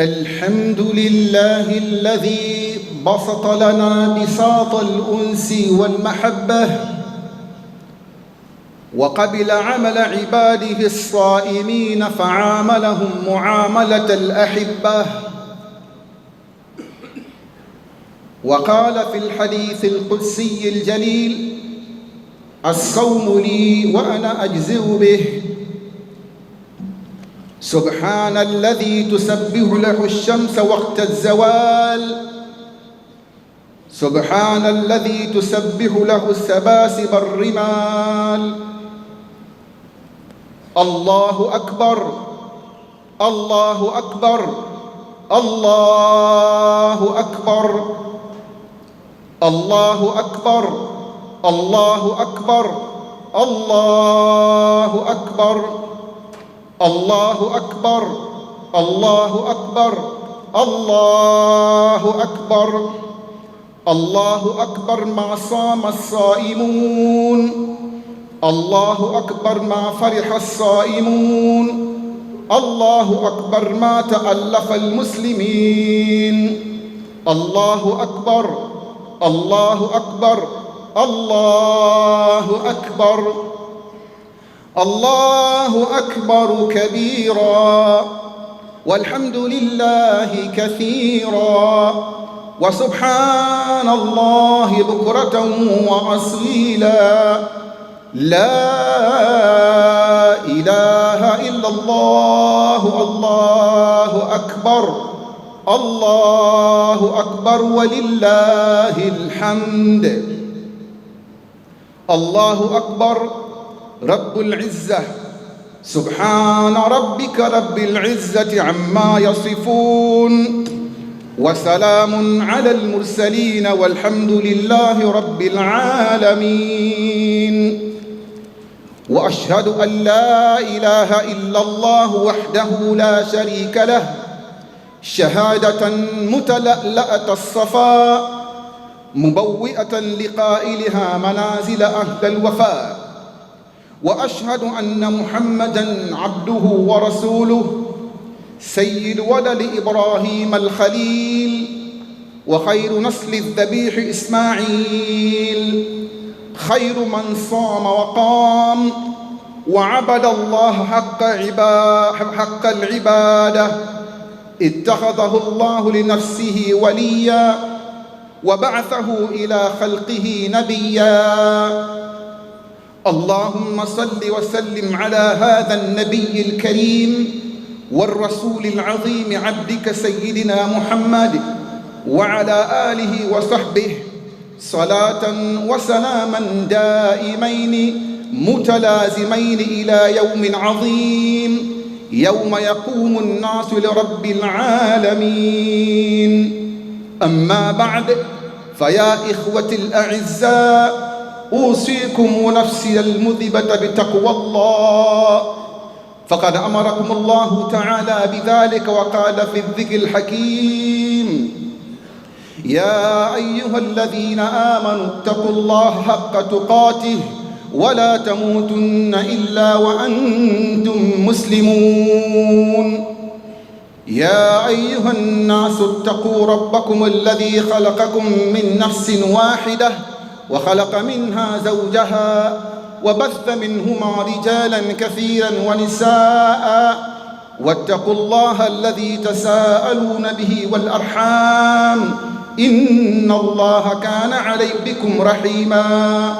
الحمد لله الذي بسط لنا بساط الأنس والمحبة وقبل عمل عباده الصائمين فعاملهم معاملة الأحبة وقال في الحديث القدسي الجليل الصوم لي وأنا أجزئ به سبحان الذي تسبح له الشمس وقت الزوال سبحان الذي تسبح له السباسب الرمال الله أكبر الله أكبر الله أكبر الله أكبر الله أكبر الله أكبر, الله أكبر الله أكبر الله أكبر الله أكبر الله أكبر ما صام الصائمون الله أكبر ما فرح الصائمون الله أكبر ما تألف المسلمين الله أكبر الله أكبر الله أكبر, الله أكبر الله أكبر كبيرا والحمد لله كثيرا وسبحان الله بكرة وأصيلا لا إله إلا الله الله أكبر الله أكبر ولله الحمد الله أكبر رب العزة سبحان ربك رب العزة عما يصفون وسلام على المرسلين والحمد لله رب العالمين واشهد ان لا اله الا الله وحده لا شريك له شهاده متلألأة الصفاء مبوئه لقائلها منازل اهل الوفاء واشهد ان محمدا عبده ورسوله سيد ولد ابراهيم الخليل وخير نسل الذبيح اسماعيل خير من صام وقام وعبد الله حق حق العباده اتخذه الله لنفسه وليا وبعثه الى خلقه نبيا اللهم صل وسلم على هذا النبي الكريم والرسول العظيم عبدك سيدنا محمد وعلى آله وصحبه صلاة وسلاما دائمين متلازمين إلى يوم عظيم يوم يقوم الناس لرب العالمين أما بعد فيا إخوة الأعزاء أوصيكم ونفسي المذبة بتقوى الله فقد أمركم الله تعالى بذلك وقال في الذكر الحكيم يا أيها الذين آمنوا اتقوا الله حق تقاته ولا تموتن إلا وأنتم مسلمون يا أيها الناس اتقوا ربكم الذي خلقكم من نفس واحده وخلق منها زوجها وبث منهما رجالا كثيرا ونساء واتقوا الله الذي تساءلون به والارحام ان الله كان عليكم رحيما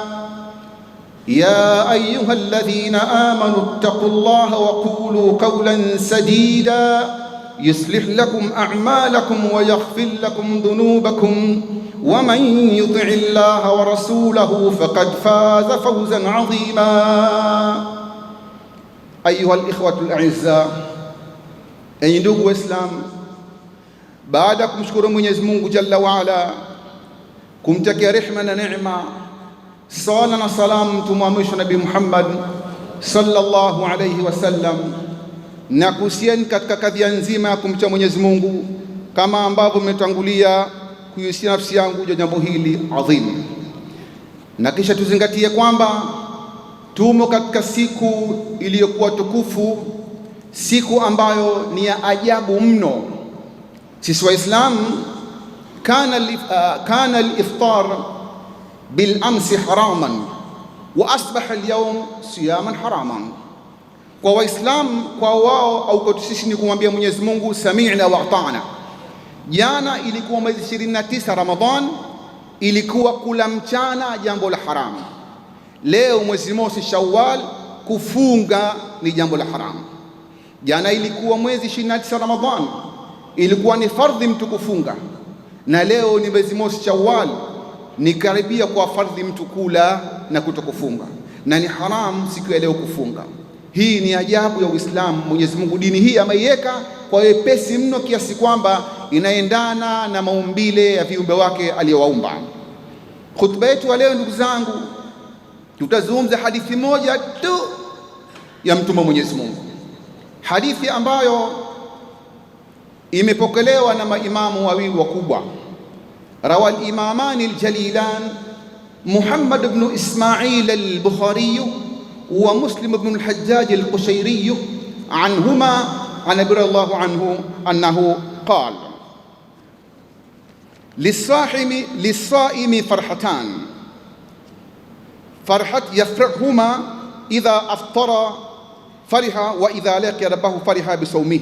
يا ايها الذين امنوا اتقوا الله وقولوا قولا سديدا يصلح لكم أعمالكم ويغفر لكم ذنوبكم ومن يطع الله ورسوله فقد فاز فوزا عظيما أيها الإخوة الأعزاء أي دوغو إسلام بعدكم شكر من يزمون جل وعلا كم تكي رحمة نعمة صلاة صلاة نبي محمد صلى الله عليه وسلم na kuhusiani katika kadhia nzima ya kumcha Mwenyezi Mungu, kama ambavyo imetangulia kuihusia nafsi yangu juu jambo hili adhimu, na kisha tuzingatie kwamba tumo katika siku iliyokuwa tukufu, siku ambayo ni ya ajabu mno. Sisi Waislamu, kana uh, kana al-iftar bil amsi haraman wa asbaha al-yawm siyaman haraman kwa Waislamu kwa wao au kwa sisi ni kumwambia Mwenyezi Mungu sami'na wa ata'na. Jana ilikuwa mwezi 29 Ramadhan, ilikuwa kula mchana jambo la haramu. Leo mwezi mosi Shawwal, kufunga ni jambo la haramu. Jana ilikuwa mwezi 29 Ramadhan, ilikuwa ni fardhi mtu kufunga, na leo ni mwezi mosi Shawwal, ni karibia kwa fardhi mtu kula na kutokufunga, na ni haramu siku ya leo kufunga. Hii ni ajabu ya Uislamu. Mwenyezi Mungu dini hii ameiweka kwa wepesi mno, kiasi kwamba inaendana na maumbile ya viumbe wake aliyowaumba. Khutba yetu ya leo, ndugu zangu, tutazungumza hadithi moja tu ya mtume wa Mwenyezi Mungu, hadithi ambayo imepokelewa na maimamu wawili wakubwa, rawa limamani ljalilan Muhammad bnu Ismail al-Bukhari ومسلم بن الحجاج القشيري عنهما عن ابي الله عنه انه قال للصائم للصائم فرحتان فرحة يفرحهما إذا أفطر فرح وإذا لقي ربه فرح بصومه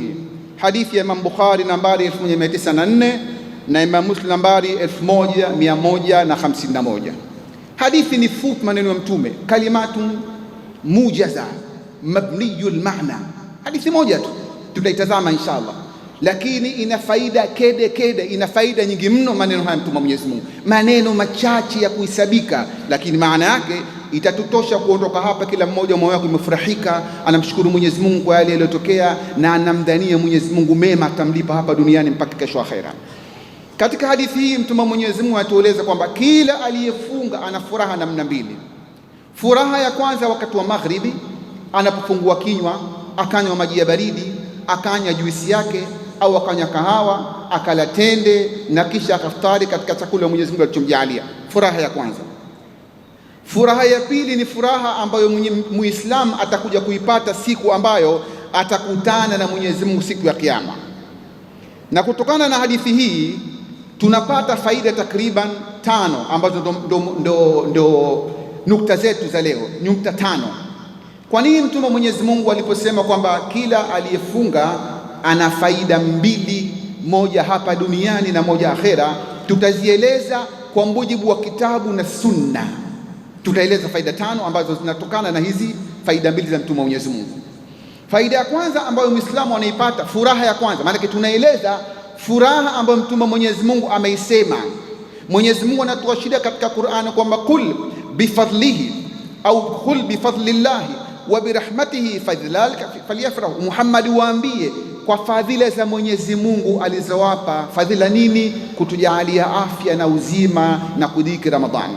حديث إمام بخاري نمبر 1904 na Imam Muslim nambari 1151. حديث نفوت من maneno ya Mtume, mujaza mabniyu lmana hadithi moja tu insha inshallah, lakini ina faida kede kede, ina faida nyingi mno. Maneno haya mtume wa Mwenyezi Mungu, maneno machache ya kuhesabika, lakini maana yake itatutosha kuondoka hapa, kila mmoja moyo wake umefurahika, anamshukuru Mwenyezi Mungu kwa yale yaliyotokea, na anamdhania Mwenyezi Mungu mema atamlipa hapa duniani mpaka kesho akhera. Katika hadithi hii mtume wa Mwenyezi Mungu anatueleza kwamba kila aliyefunga ana furaha namna mbili Furaha ya kwanza wakati wa maghribi, anapofungua kinywa akanywa maji ya baridi, akanywa juisi yake au akanywa kahawa, akala tende na kisha akaftari katika chakula Mwenyezi Mungu alichomjalia. Furaha ya kwanza. Furaha ya pili ni furaha ambayo Muislamu atakuja kuipata siku ambayo atakutana na Mwenyezi Mungu siku ya Kiyama. Na kutokana na hadithi hii tunapata faida takriban tano ambazo ndo, ndo, ndo, ndo nukta zetu za leo, nukta tano. Kwa nini Mtume wa Mwenyezi Mungu aliposema kwamba kila aliyefunga ana faida mbili, moja hapa duniani na moja akhera, tutazieleza kwa mujibu wa kitabu na Sunna. Tutaeleza faida tano ambazo zinatokana na hizi faida mbili za Mtume wa Mwenyezi Mungu. Faida ya kwanza ambayo Muislamu anaipata, furaha ya kwanza, maanake tunaeleza furaha ambayo Mtume wa Mwenyezi Mungu ameisema. Mwenyezi Mungu anatuashiria katika Qur'ani kwamba kul bifadlihi au kul bifadlillahi wa birahmatihi fadhlalika falyafrahu. Muhammad, waambie kwa fadhila za Mwenyezi Mungu alizowapa. Fadhila nini? Kutujaalia afya na uzima na kudiriki Ramadhani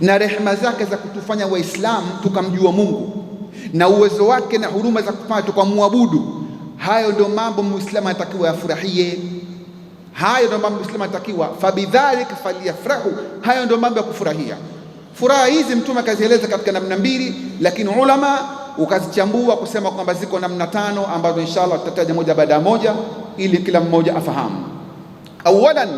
na rehema zake za kutufanya Waislamu tukamjua Mungu na uwezo wake na huruma za kufanya tukamwabudu. Hayo ndio mambo muislamu anatakiwa yafurahie. Hayo ndio mambo muislamu anatakiwa, fabidhalik falyafrahu. Hayo ndio mambo ya kufurahia. Furaha hizi Mtume akazieleza katika namna mbili, lakini ulama ukazichambua kusema kwamba ziko namna tano ambazo inshallah tutataja moja baada ya moja ili kila mmoja afahamu. Awalan,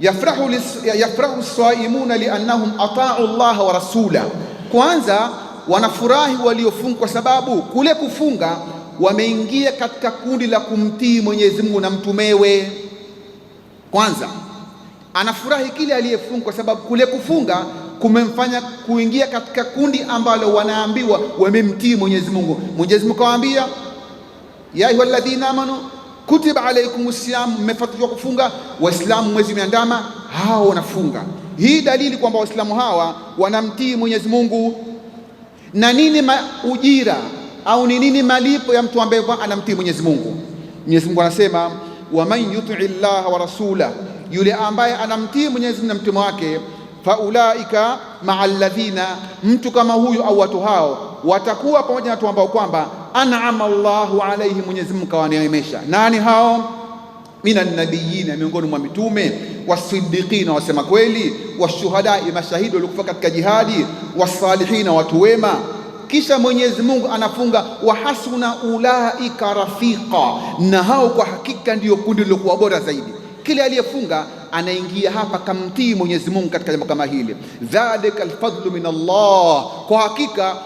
yafrahu yafrahu saimuna liannahum ata'u llaha wa rasula, kwanza wanafurahi waliofunga kwa sababu kule kufunga wameingia katika kundi la kumtii Mwenyezi Mungu na mtumewe. Kwanza anafurahi kile aliyefunga kwa sababu kule kufunga kumemfanya kuingia katika kundi ambalo wanaambiwa wamemtii Mwenyezi Mungu. Mwenyezi Mungu kawaambia, ya ayuha alladhina amanu kutiba alaikum siyam, mmefatishwa kufunga. Waislamu mwezi umeandama, hao wanafunga. Hii dalili kwamba waislamu hawa wanamtii Mwenyezi Mungu. Na nini ujira au ni nini malipo ya mtu ambaye anamtii Mwenyezi Mungu? Mwenyezi Mungu anasema, waman yutii llaha wa rasula yule ambaye anamtii Mwenyezi Mungu na mtume wake faulaika maa alladhina, mtu kama huyu au watu hao watakuwa pamoja na watu ambao kwamba an'ama Allahu alayhi, Mwenyezi Mungu kawaneemesha. Nani hao? minan nabiyina, miongoni mwa mitume, wasiddiqina, wasema kweli, washuhadai, mashahidi waliokufa katika jihadi, wasalihina, watu wema kisha Mwenyezi Mungu anafunga wahasuna ulaika rafiqa, na hao kwa hakika ndiyo kundi lilokuwa bora zaidi kile aliyefunga anaingia hapa kamtii Mwenyezi Mungu katika jambo kama hili, dhalika alfadlu min Allah. Kwa hakika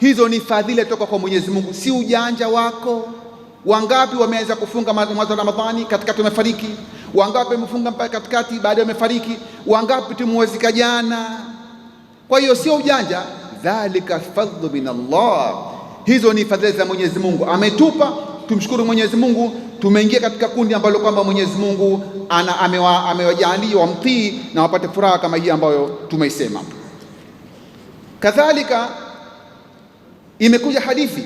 hizo ni fadhila toka kwa Mwenyezi Mungu, si ujanja wako. Wangapi wameanza kufunga mwanzo wa Ramadhani, katikati wamefariki? Wangapi wamefunga mpaka katikati, baadaye wamefariki? Wangapi tumewezika jana? Kwa hiyo sio ujanja, dhalika fadlu min Allah, hizo ni fadhila za Mwenyezi Mungu ametupa. Tumshukuru Mwenyezi Mungu tumeingia katika kundi ambalo kwamba Mwenyezi Mungu ana amewajalia wamtii na wapate furaha kama hii ambayo tumeisema. Kadhalika imekuja hadithi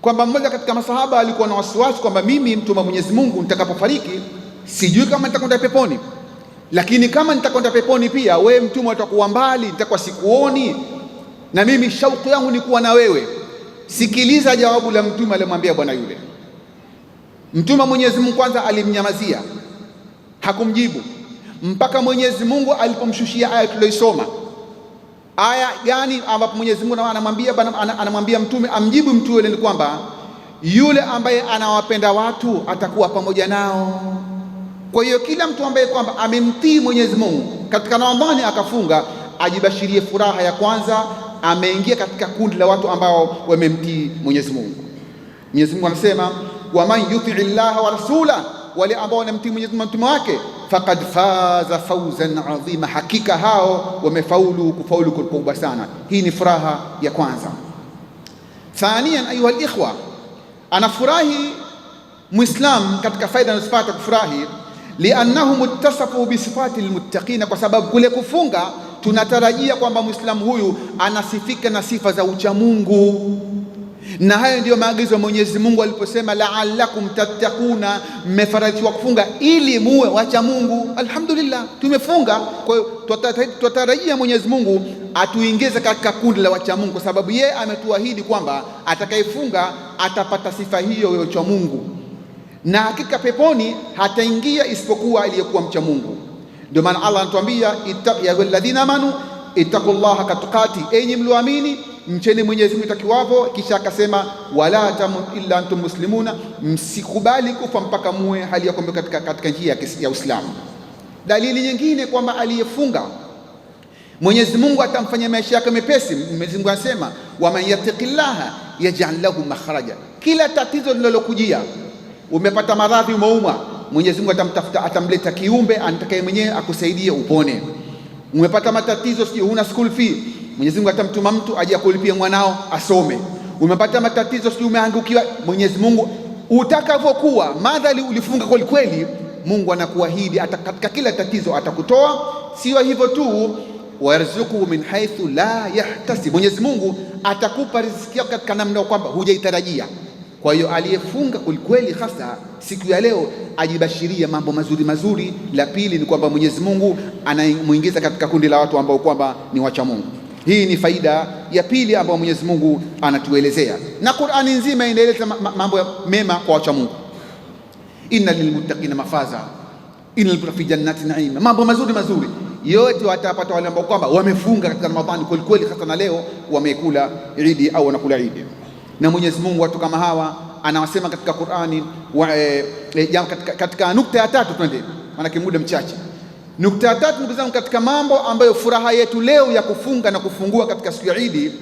kwamba mmoja katika masahaba alikuwa na wasiwasi kwamba mimi mtume wa Mwenyezi Mungu nitakapofariki, sijui kama nitakwenda peponi, lakini kama nitakwenda peponi pia wewe mtume utakuwa mbali, nitakuwa sikuoni, na mimi shauku yangu ni kuwa na wewe. Sikiliza jawabu la mtume aliyomwambia bwana yule. Mtume Mwenyezi Mungu kwanza alimnyamazia, hakumjibu mpaka Mwenyezi Mungu alipomshushia aya tuliyoisoma. Aya gani? Ambapo Mwenyezi Mungu anamwambia anamwambia mtume amjibu mtu yule ni kwamba yule ambaye anawapenda watu atakuwa pamoja nao. Kwa hiyo kila mtu ambaye kwamba amemtii Mwenyezi Mungu katika Ramadhani akafunga ajibashirie furaha ya kwanza, ameingia katika kundi la watu ambao wamemtii Mwenyezi Mungu. Mwenyezi Mungu anasema man yuti llaha wa rasula, wale ambao wanamtii Mwenyezi Mungu mtume wake, faqad faza fawzan adhima, hakika hao wamefaulu kufaulu kubwa sana. Hii ni furaha ya kwanza. Thaniyan ayuha alikhwa, anafurahi Muislam katika faida anazopata kufurahi, liannahu muttasafu bisifati lmuttaqina, kwa sababu kule kufunga tunatarajia kwamba Muislamu huyu anasifika na sifa za uchamungu na hayo ndiyo maagizo ya Mwenyezi Mungu aliposema laalakum tattakuna, mmefaradhishiwa kufunga ili muwe wacha Mungu. Alhamdulillah, tumefunga. Kwa hiyo twatarajia Mwenyezi Mungu atuingize katika kundi la wacha Mungu, kwa sababu yeye ametuahidi kwamba atakayefunga atapata sifa hiyo ya ucha Mungu, na hakika peponi hataingia isipokuwa aliyekuwa mcha Mungu. Ndio maana Allah anatuambia ya walladhina amanu ittaqullaha katukati enyi mlioamini mcheni Mwenyezi Mungu takiwapo, Kisha akasema wala tamut illa antum muslimuna, msikubali kufa mpaka muwe hali ya kwamba katika, katika njia ya Uislamu. Dalili nyingine kwamba aliyefunga Mwenyezi Mungu atamfanya maisha yake mepesi. Mwenyezi Mungu anasema waman yattaqillaha yaj'al lahu makhraja, kila tatizo linalokujia umepata maradhi, umeumwa, Mwenyezi Mungu atamtafuta, atamleta kiumbe anatakaye mwenyewe akusaidie upone. Umepata matatizo, sijui una school fee Mwenyezi Mungu atamtuma mtu aje akulipie mwanao asome. Umepata matatizo, sijui umeangukiwa. Mwenyezi Mungu utakavyokuwa, madhali ulifunga kweli kweli, Mungu anakuahidi katika kila tatizo atakutoa. Sio hivyo tu, warzuku min haithu la yahtasi Mwenyezi Mungu atakupa riziki yako katika namna kwamba hujaitarajia. Kwa hiyo aliyefunga kwelikweli, hasa siku ya leo, ajibashiria mambo mazuri mazuri. La pili ni kwamba Mwenyezi Mungu anamwingiza katika kundi la watu ambao kwamba ni wacha Mungu. Hii ni faida ya pili ambayo Mwenyezi Mungu anatuelezea, na Qur'ani nzima inaeleza mambo ya mema kwa wacha Mungu. Inna lilmuttaqina mafaza lil fi jannati naima, mambo mazuri mazuri yote watapata wale ambao kwamba wamefunga katika Ramadhani kweli kweli, hata na leo wamekula Idi au wanakula Idi. Na Mwenyezi Mungu watu kama hawa anawasema katika Qur'ani wa, e, e, katika, katika nukta ya tatu, twende, maanake muda mchache Nukta ya tatu, ndugu zangu, katika mambo ambayo furaha yetu leo ya kufunga na kufungua katika siku ya Idi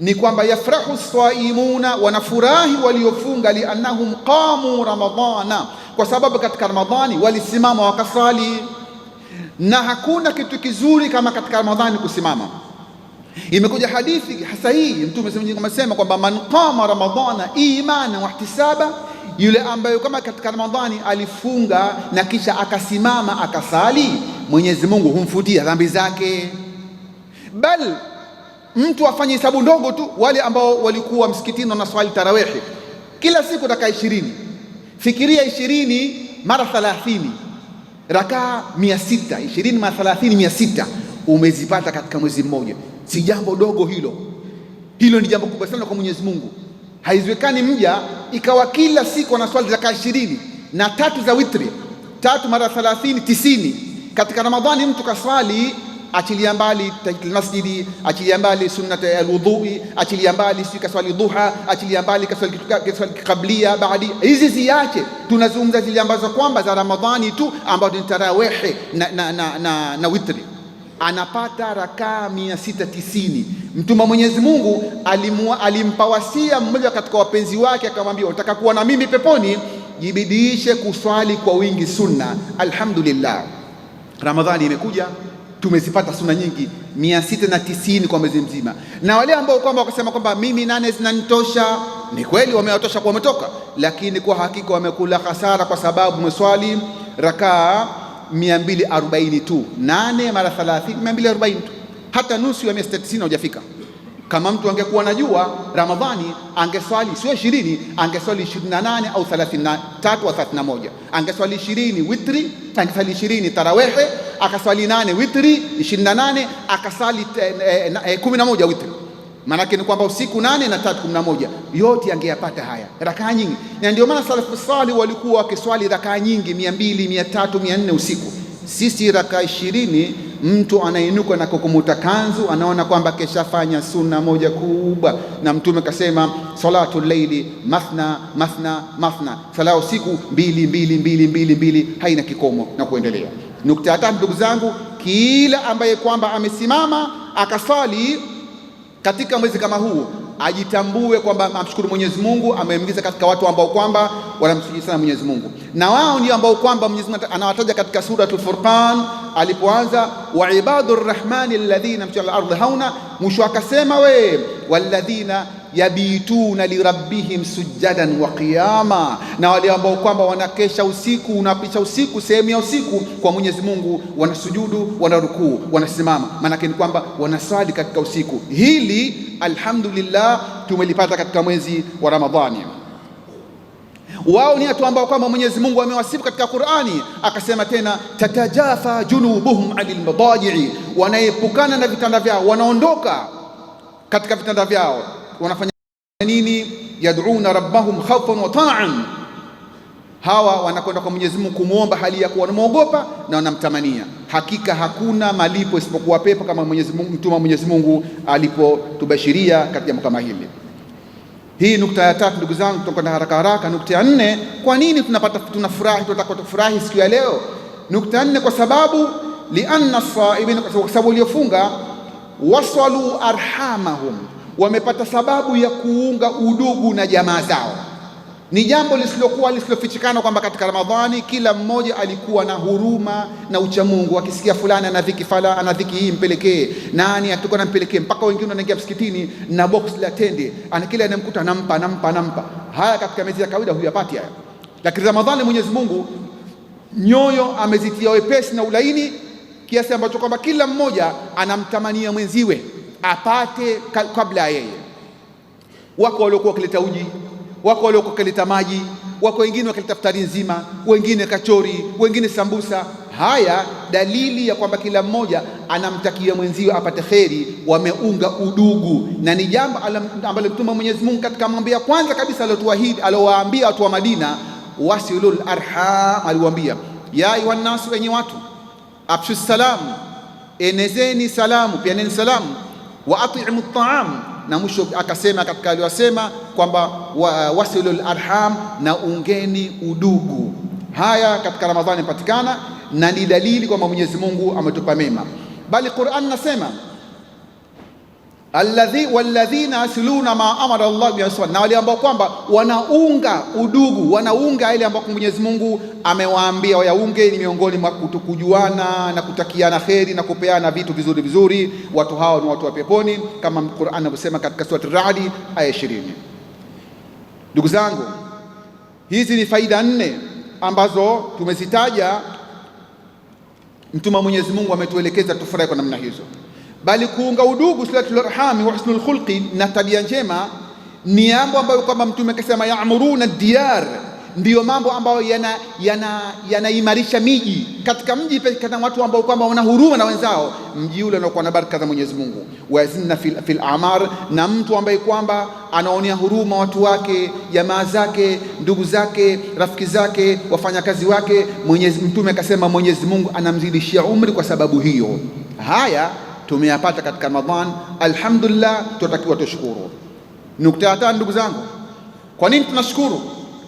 ni kwamba yafrahu saimuna, wanafurahi waliofunga, liannahum qamu ramadana, kwa sababu katika Ramadhani walisimama wakasali, na hakuna kitu kizuri kama katika Ramadhani kusimama. Imekuja hadithi hasa hii Mtume amesema kwamba man qama ramadana imana wahtisaba yule ambayo kama katika Ramadhani alifunga na kisha akasimama akasali, Mwenyezi Mungu humfutia dhambi zake. Bal mtu afanye hesabu ndogo tu, wale ambao walikuwa msikitini wanaswali tarawihi kila siku rakaa ishirini, fikiria ishirini mara thalathini, rakaa mia sita. Ishirini mara thalathini, mia sita umezipata katika mwezi mmoja, si jambo dogo hilo. Hilo ni jambo kubwa sana kwa Mwenyezi Mungu haiziwekani mja ikawa kila siku ana swali zaka ishirini na tatu za witri tatu mara thalathini tisini katika Ramadhani mtu kaswali, achilia mbali tahiyatul masjidi, achilia mbali ya alwudhui, achilia mbali si kaswali duha, achilia mbali kaswali kablia baadi. Hizi ziache, tunazungumza zile ambazo kwamba za Ramadhani tu ambazo ni tarawehe na, na, na, na, na witri anapata rakaa mia sita tisini. Mtume wa Mwenyezi Mungu alimpa wasia mmoja katika wapenzi wake, akamwambia unataka kuwa na mimi peponi, jibidiishe kuswali kwa wingi sunna. Alhamdulillah, Ramadhani imekuja, tumezipata sunna nyingi mia sita na tisini kwa mwezi mzima. Na wale ambao kwamba wakasema kwamba mimi nane zinanitosha, ni kweli wamewatosha, kwa wametoka, lakini kwa hakika wamekula hasara, kwa sababu umeswali rakaa 240 tu, nane mara 30 240 tu, hata nusu ya 190 haujafika. Kama mtu angekuwa anajua Ramadhani angeswali sio 20, angeswali 28 au 33 au 31, angeswali 20 witri, angeswali 20 tarawehe, akaswali 8 witri, 28 akasali 11 witri Maanake ni kwamba usiku nane na tatu kumi na moja yote angeyapata haya rakaa nyingi, na ndio maana salafu salih walikuwa wakiswali rakaa nyingi, mia mbili, mia tatu, mia nne usiku. Sisi rakaa ishirini, mtu anainuka na kukumuta kanzu, anaona kwamba keshafanya sunna moja kubwa, na Mtume kasema salatu laili mathna mathna mathna, sala usiku mbili mbili mbili mbili mbili, haina kikomo na kuendelea. Nukta ya tatu, ndugu zangu, kila ambaye kwamba amesimama akaswali katika mwezi kama huu ajitambue kwamba amshukuru Mwenyezi Mungu, ameingiza katika watu ambao kwamba wanamsujudi sana Mwenyezi Mungu, na wao ndio ambao kwamba Mwenyezi Mungu anawataja katika Suratul Furqan alipoanza wa ibadur rahmani alladhina mshal ardhi hauna, mwisho akasema we walladhina yabituna lirabbihim sujadan wa qiyama, na wale ambao kwamba wanakesha usiku, unapisha usiku, sehemu ya usiku kwa Mwenyezi Mungu, wanasujudu, wanarukuu, wanasimama. Maanake ni kwamba wanaswali katika usiku. Hili alhamdulillah tumelipata katika mwezi wa Ramadhani. Wao ni watu ambao kwamba Mwenyezi Mungu amewasifu katika Qur'ani, akasema tena tatajafa junubuhum anil madaji'i, wanaepukana na vitanda vyao, wanaondoka katika vitanda vyao wanafanya nini? Yad'una rabbahum khawfan wa ta'an, hawa wanakwenda kwa Mwenyezi Mungu kumwomba hali ya kuwa wanamuogopa na wanamtamania. Hakika hakuna malipo isipokuwa pepo, kama Mwenyezi Mungu mtume wa Mwenyezi Mungu alipotubashiria katika jambo kama hili. Hii nukta ya tatu, ndugu zangu, tunakwenda haraka haraka. Nukta ya nne, kwa nini tunapata tunafurahi, tunataka tufurahi siku ya leo? Nukta ya nne, kwa sababu lianna saibin, kwa sababu waliofunga wasalu arhamahum wamepata sababu ya kuunga udugu na jamaa zao. Ni jambo lisilokuwa lisilofichikana kwamba katika Ramadhani kila mmoja alikuwa na huruma na uchamungu, akisikia fulani ana dhiki, fala ana dhiki hii, mpelekee nani, atakuwa nampelekee, mpaka wengine wanaingia msikitini na box la tende, ana kile anamkuta, anampa anampa anampa. Haya katika mezi ya kawaida huyapati haya, lakini Ramadhani Mwenyezi Mungu nyoyo amezitia wepesi na ulaini kiasi ambacho kwamba kila mmoja anamtamania mwenziwe apate kabla ya yeye. Wako waliokuwa wakileta uji, wako waliokuwa wakileta maji, wako wengine wakileta futari nzima, wengine kachori, wengine sambusa. Haya dalili ya kwamba kila mmoja anamtakia mwenziwe apate kheri, wameunga udugu, na ni jambo ambalo Mtume Mwenyezi Mungu katika mambo ya kwanza kabisa aliyotuahidi, aliowaambia watu wa Madina, wasilul arham, aliwaambia ya ayuhannasu, enyi watu, afshu salamu, enezeni salamu, pianeni salamu wa atimu taam, na mwisho akasema katika aliyosema kwamba wa, wasilul arham, na ungeni udugu. Haya katika Ramadhani patikana na ni dalili kwamba Mwenyezi Mungu ametupa mema, bali Qur'an nasema alladhi walladhina yasluna ma amara Allah aswa, na wale ambao kwamba wanaunga udugu, wanaunga ile ambayo Mwenyezi Mungu amewaambia wayaunge, ni miongoni mwa kutukujuana na kutakiana kheri na kupeana vitu vizuri vizuri. Watu hao ni watu wa peponi kama Qur'an anavyosema katika ar Ra'd aya 20. Ndugu zangu, hizi ni faida nne ambazo tumezitaja. Mtume Mwenyezi Mungu ametuelekeza tufurahi kwa namna hizo bali kuunga udugu, silatul rahami wa husnul khulqi, na tabia njema ni mambo ambayo kwamba Mtume akasema yaamuruna diyar, ndiyo mambo ambayo yanaimarisha yana, miji. Katika mji kana watu ambao kwamba wana huruma na wenzao, mji ule unakuwa na baraka za Mwenyezi Mungu. Wayazinna fil, fil amar, na mtu ambaye kwamba anaonea huruma watu wake, jamaa zake, ndugu zake, rafiki zake, wafanyakazi wake, Mwenyezi Mtume akasema Mwenyezi Mungu anamzidishia umri kwa sababu hiyo. Haya tumeyapata katika Ramadhan, alhamdulillah, tunatakiwa tushukuru. Nukta ya tano, ndugu zangu, kwa nini tunashukuru?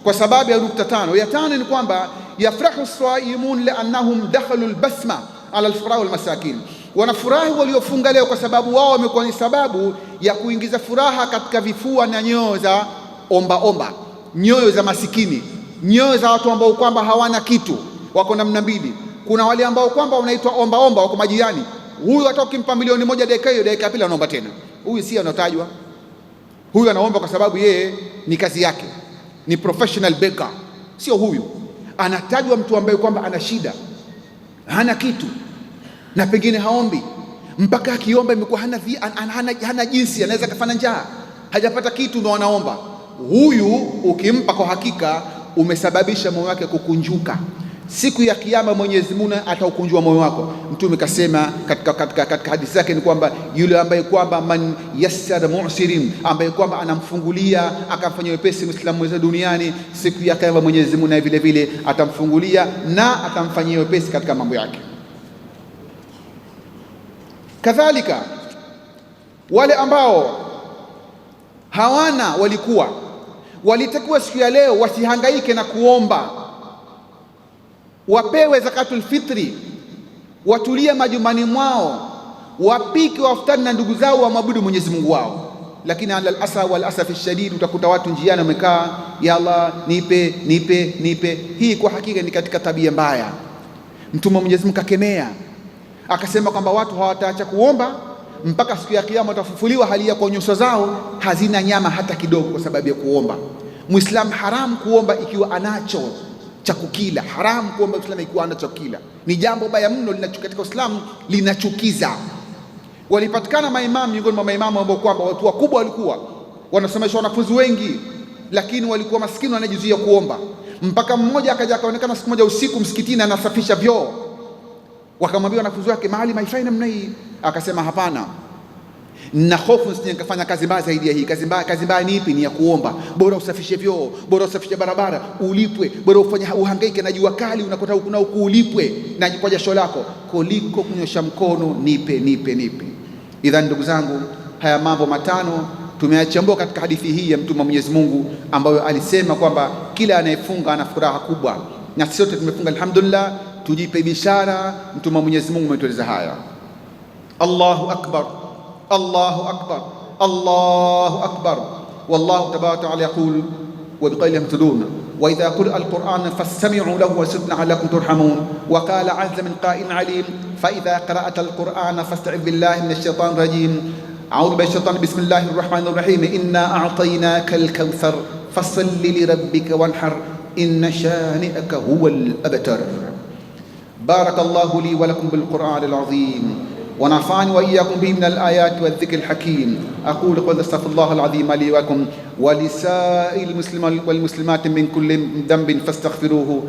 Kwa sababu ya nukta tano. Ya tano ni kwamba yafrahu saimun liannahum dakhalu lbasma ala alfuqara walmasakin, wanafurahi waliofunga leo kwa sababu wao wamekuwa ni sababu ya kuingiza furaha katika vifua na nyoyo za ombaomba, nyoyo za masikini, nyoyo za watu ambao kwamba hawana kitu, wako namna mbili. Kuna wale ambao kwamba wanaitwa ombaomba, wako majiani Huyu hata ukimpa milioni moja dakika hiyo, dakika ya pili anaomba tena. Huyu si anatajwa, huyu anaomba kwa sababu yeye ni kazi yake, ni professional beggar. Sio huyu, anatajwa mtu ambaye kwamba ana shida, hana kitu na pengine haombi, mpaka akiomba imekuwa hana, hana, hana jinsi, anaweza kafana njaa, hajapata kitu ndo anaomba. Huyu ukimpa, kwa hakika umesababisha moyo wake kukunjuka. Siku ya Kiyama Mwenyezi Mungu ataukunjua moyo wako. Mtume kasema katika, katika, katika hadithi zake ni kwamba yule ambaye kwamba man yassara musirin, ambaye kwamba anamfungulia akamfanya wepesi mwislamu mwenzake duniani, siku ya Kiyama Mwenyezi Mungu naye vile vile atamfungulia na atamfanyia wepesi katika mambo yake. Kadhalika wale ambao hawana walikuwa walitakiwa siku ya leo wasihangaike na kuomba wapewe zakatul fitri, watulie majumbani mwao, wapike, wafutani na ndugu zao, wamwabudu Mwenyezi Mungu wao. Lakini ala alasa wal asafi shadid, utakuta watu njiani wamekaa, ya Allah nipe nipe nipe. Hii kwa hakika ni katika tabia mbaya. Mtume wa Mwenyezi Mungu kakemea akasema kwamba watu hawataacha kuomba mpaka siku ya Kiyama watafufuliwa hali ya kwa nyuso zao hazina nyama hata kidogo, kwa sababu ya kuomba. Muislamu haramu kuomba ikiwa anacho cha kukila, haramu kuomba Uislamu ikiwa hana cha kukila. Ni jambo baya mno katika Uislamu, linachukiza. Walipatikana maimamu, miongoni mwa maimamu ambao kwamba watu wakubwa walikuwa wanasomesha wanafunzi wengi, lakini walikuwa maskini, wanajizuia kuomba. Mpaka mmoja akaja akaonekana siku moja usiku msikitini anasafisha vyoo, wakamwambia wanafunzi wake, mahali maifai namna hii, akasema hapana na hofu nisije nikafanya kazi mbaya zaidi ya hii. Kazi mbaya, kazi mbaya ni ipi? Ni ya kuomba. Bora usafishe vyoo, bora usafishe barabara ulipwe, bora ufanye uhangaike na jua kali unakwenda huku na huku ulipwe na kwa jasho lako, kuliko kunyosha mkono nipe nipe nipe. Idhani ndugu zangu, haya mambo matano tumeachambua katika hadithi hii ya Mtume wa Mwenyezi Mungu ambayo alisema kwamba kila anayefunga ana furaha kubwa, na sisi sote tumefunga alhamdulillah. Tujipe bishara, Mtume wa Mwenyezi Mungu ametueleza haya. Allahu akbar الله أكبر الله أكبر والله تبارك وتعالى يقول وبقيل يمتدون وإذا قرأ القرآن فاستمعوا له وسدنا لعلكم ترحمون وقال عز من قائل عليم فإذا قرأت القرآن فاستعذ بالله من الشيطان الرجيم أعوذ بالشيطان بسم الله الرحمن الرحيم إنا أعطيناك الكوثر فصل لربك وانحر إن شانئك هو الأبتر بارك الله لي ولكم بالقرآن العظيم ونفعني وإياكم به من الآيات والذكر الحكيم أقول قل أستغفر الله العظيم لي ولكم ولسائر المسلمين والمسلمات من كل ذنب فاستغفروه